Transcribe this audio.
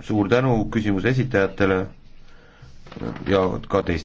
suur tänu küsimuse esitajatele ja ka teistele.